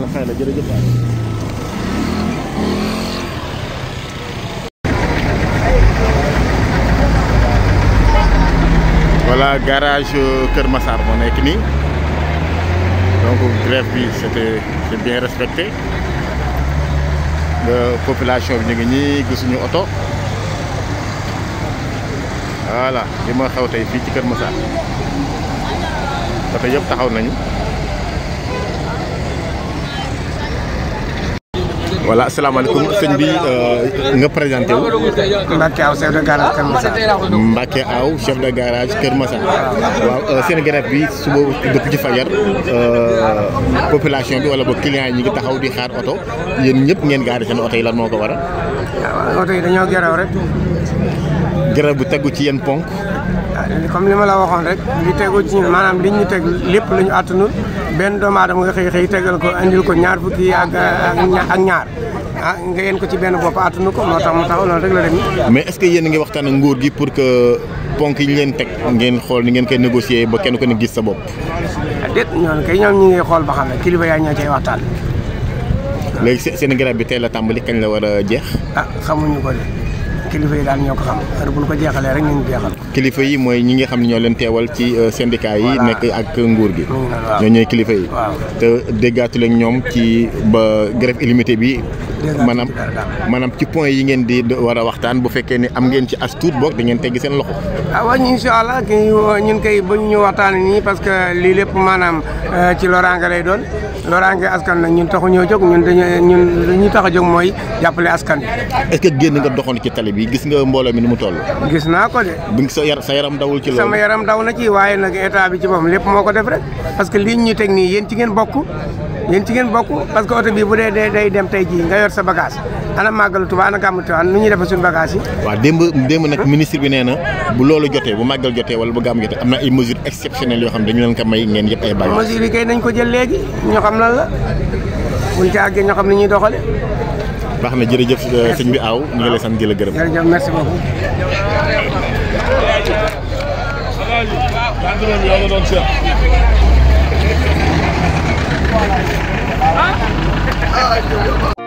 yàlla xëy garage euh, Kër Massar moo nekk nii donc grève bi c'était c'est bien respecté la bi ñu ngi ñii gisuñu oto voilà li ma xew tey fii ci Kër Massar oto yëpp taxaw nañu voilà asalaamaaleykum sëñ bi euh, nga présenté wu. Mbacke Aw chef de garage Kër Massar. Mbacke Aw chef de garage Kër Massar. waaw euh, seen garage bi suba depuis ci fajar euh, population bi wala ba client yi ñu ngi taxaw di xaar oto yéen ñëpp ngeen gaare seen oto yi lan moo ko waral. waaw yi dañoo geraw bu tegu ci yenn ponk. comme li ma la waxoon rek li tegu ci ñun maanaam li ñu teg lépp lu ñu àttanul benn doomu aadama nga xëy xëy tegal ko andil ko ñaar fukki ak ak ñaar ah nga ko ci benn bopp àttanu ko moo tax mu taxaw loolu rek la demee. mais est-ce que ngi waxtaan ak nguur gi pour que ponk yi ñu leen teg ngeen xool ni ngeen koy négocier ba kenn ko ne gis sa bopp. déet ñoom kay ñoom ñu ngi xool ba xam ne kilifa yaa ñoo cay waxtaan. léegi seen grève bi teel a tàmbali kañ la war a jeex. ah xamuñu ko kilifa yi daal ñoo ko xam heure bu ko jeexalee rek ñu ngi jeexal. kilifa yi mooy ñi ngi xam ne ñoo leen teewal ci euh, syndicat yi. nekk ak nguur gi. ñoo ñooy kilifa yi. te déggaatu leen ñoom ci ba grève illimité bi. maanaam maanaam ci point yi ngeen di war a waxtaan bu fekkee ne am ngeen ci as tuut boog da ngeen teggi seen loxo. ah waaw incha allah ñun koy bu ñu waxtaanee nii parce que lii lépp maanaam euh, ci loraange lay doon loraange askan nag ñun taxu ñoo jóg ñun dañu ñun li ñu tax a jóg mooy jàppale askan bi. est que génn nga doxoon ci tali bi gis nga mbooloo mi ni mu toll. gis naa ko de. bi sa yar sa yaram dawul ci loolu. sama yaram daw na ci waaye nag état bi ci boppam lépp moo ko def parce que lii ñu teg yéen ci ngeen bokk. yéen ci ngeen bokk parce que oto bi bu dee day dem tey jii nga yor sa bagage ana màggalu Tuubaa ana gàmmu Tuubaa nu ñuy defa suñu bagage yi waaw démb démb nag ministre bi nee na bu loolu jotee bu màggal jotee wala bu gàmmu jotee am na ay mesures exceptionnelles yoo xam dañu leen ko may ngeen yëpp ay bagage mesures yi kay nañ ko jël léegi ñoo xam lan la buñ ci àggee ñoo xam ni ñuy doxale baax na jërëjëf euh, sëñ bi aaw ñu ngi lay sant di la gërëm jërëjëf merci beaucoup ah